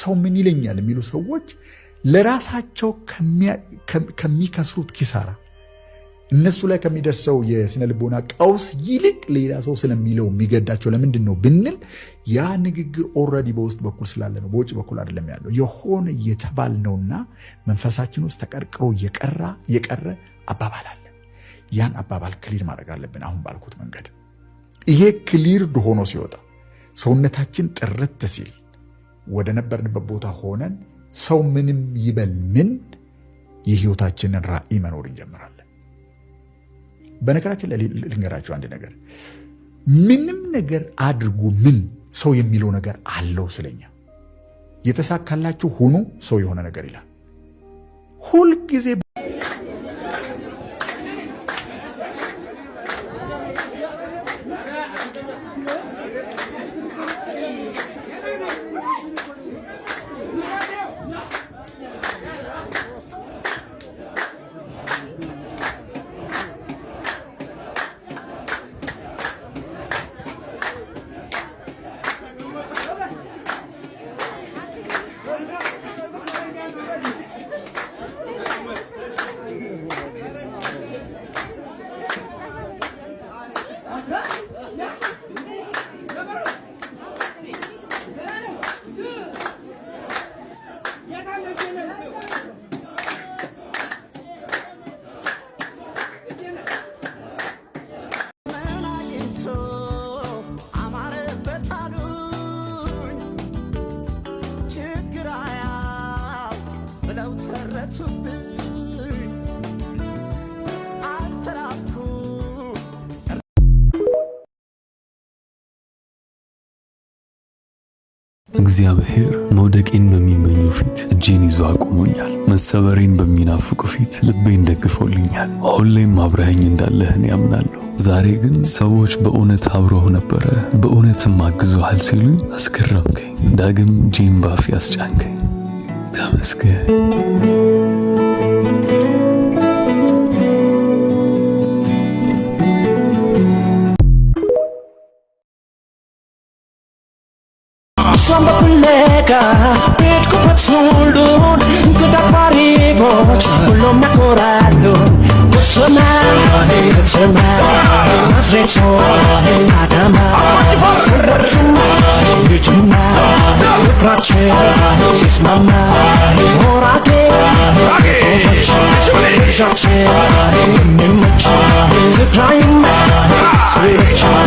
ሰው ምን ይለኛል የሚሉ ሰዎች ለራሳቸው ከሚከስሩት ኪሳራ እነሱ ላይ ከሚደርሰው የስነ ልቦና ቀውስ ይልቅ ሌላ ሰው ስለሚለው የሚገዳቸው ለምንድን ነው ብንል ያ ንግግር ኦልሬዲ በውስጥ በኩል ስላለ ነው፣ በውጭ በኩል አይደለም ያለው። የሆነ የተባልነውና መንፈሳችን ውስጥ ተቀርቅሮ የቀራ የቀረ አባባል አለ። ያን አባባል ክሊር ማድረግ አለብን፣ አሁን ባልኩት መንገድ። ይሄ ክሊርድ ሆኖ ሲወጣ ሰውነታችን ጥርት ሲል ወደ ነበርንበት ቦታ ሆነን ሰው ምንም ይበል ምን የህይወታችንን ራዕይ መኖር እንጀምራለን። በነገራችን ላይ ልንገራችሁ አንድ ነገር፣ ምንም ነገር አድርጉ ምን ሰው የሚለው ነገር አለው ስለኛ። የተሳካላችሁ ሆኖ ሰው የሆነ ነገር ይላል። ሁልጊዜ ነው እግዚአብሔር መውደቄን በሚመኙ ፊት እጄን ይዞ አቁሞኛል። መሰበሬን በሚናፍቁ ፊት ልቤን ደግፎልኛል። ሁሌም አብረኸኝ እንዳለህን ያምናለሁ። ዛሬ ግን ሰዎች በእውነት አብረው ነበረ፣ በእውነትም አግዞሃል ሲሉ አስገረምከኝ። ዳግም ጄን ባፌ አስጫንከኝ። एकदम इसके पेट को पछोडो गुटा पारी भोज फुलोमा कोरालो गुसोमा गुसोमा नजरे छोडो आटामा सुरमा जुमा I'm Shot in, in the climb,